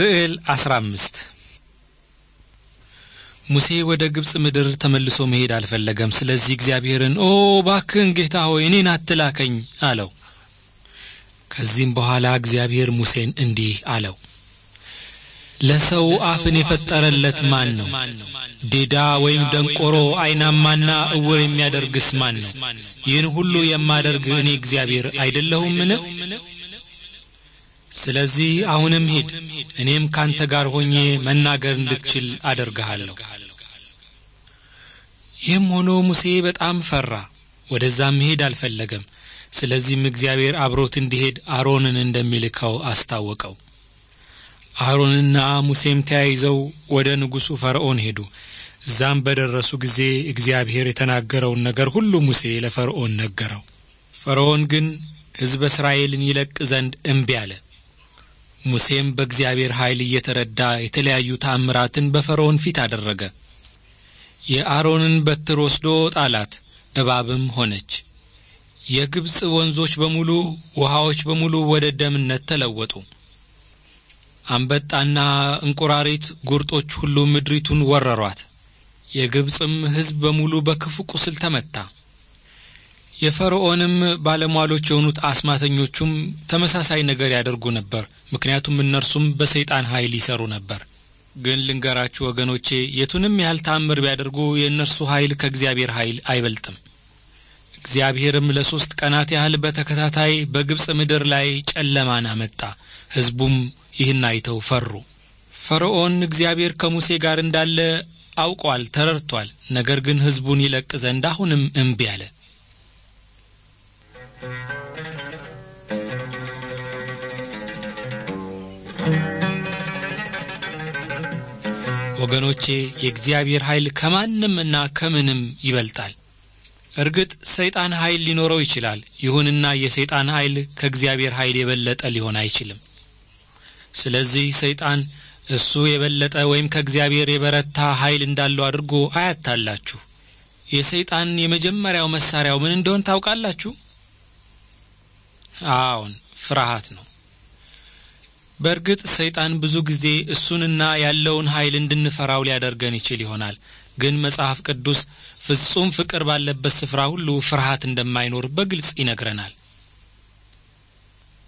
ስዕል 15 ሙሴ ወደ ግብፅ ምድር ተመልሶ መሄድ አልፈለገም። ስለዚህ እግዚአብሔርን ኦ ባክን ጌታ ሆይ እኔን አትላከኝ አለው። ከዚህም በኋላ እግዚአብሔር ሙሴን እንዲህ አለው። ለሰው አፍን የፈጠረለት ማን ነው? ዲዳ ወይም ደንቆሮ አይናማና እውር የሚያደርግስ ማን ነው? ይህን ሁሉ የማደርግ እኔ እግዚአብሔር አይደለሁምን? ስለዚህ አሁንም ሂድ እኔም ካንተ ጋር ሆኜ መናገር እንድትችል አደርግሃለሁ ይህም ሆኖ ሙሴ በጣም ፈራ ወደዛም መሄድ አልፈለገም ስለዚህም እግዚአብሔር አብሮት እንዲሄድ አሮንን እንደሚልከው አስታወቀው አሮንና ሙሴም ተያይዘው ወደ ንጉሡ ፈርዖን ሄዱ እዛም በደረሱ ጊዜ እግዚአብሔር የተናገረውን ነገር ሁሉ ሙሴ ለፈርዖን ነገረው ፈርዖን ግን ሕዝብ እስራኤልን ይለቅ ዘንድ እምቢ አለ ሙሴም በእግዚአብሔር ኃይል እየተረዳ የተለያዩ ታምራትን በፈርዖን ፊት አደረገ። የአሮንን በትር ወስዶ ጣላት፣ እባብም ሆነች። የግብፅ ወንዞች በሙሉ ውሃዎች በሙሉ ወደ ደምነት ተለወጡ። አንበጣና እንቁራሪት ጉርጦች ሁሉ ምድሪቱን ወረሯት። የግብፅም ሕዝብ በሙሉ በክፉ ቁስል ተመታ። የፈርዖንም ባለሟሎች የሆኑት አስማተኞቹም ተመሳሳይ ነገር ያደርጉ ነበር፣ ምክንያቱም እነርሱም በሰይጣን ኃይል ይሰሩ ነበር። ግን ልንገራችሁ ወገኖቼ፣ የቱንም ያህል ታምር ቢያደርጉ የእነርሱ ኃይል ከእግዚአብሔር ኃይል አይበልጥም። እግዚአብሔርም ለሦስት ቀናት ያህል በተከታታይ በግብፅ ምድር ላይ ጨለማን አመጣ። ሕዝቡም ይህን አይተው ፈሩ። ፈርዖን እግዚአብሔር ከሙሴ ጋር እንዳለ አውቋል፣ ተረድቷል። ነገር ግን ሕዝቡን ይለቅ ዘንድ አሁንም እምቢ አለ። ወገኖቼ የእግዚአብሔር ኃይል ከማንም እና ከምንም ይበልጣል። እርግጥ ሰይጣን ኃይል ሊኖረው ይችላል። ይሁንና የሰይጣን ኃይል ከእግዚአብሔር ኃይል የበለጠ ሊሆን አይችልም። ስለዚህ ሰይጣን እሱ የበለጠ ወይም ከእግዚአብሔር የበረታ ኃይል እንዳለው አድርጎ አያታላችሁ። የሰይጣን የመጀመሪያው መሳሪያው ምን እንደሆን ታውቃላችሁ? አዎን ፍርሃት ነው በእርግጥ ሰይጣን ብዙ ጊዜ እሱንና ያለውን ኃይል እንድንፈራው ሊያደርገን ይችል ይሆናል ግን መጽሐፍ ቅዱስ ፍጹም ፍቅር ባለበት ስፍራ ሁሉ ፍርሃት እንደማይኖር በግልጽ ይነግረናል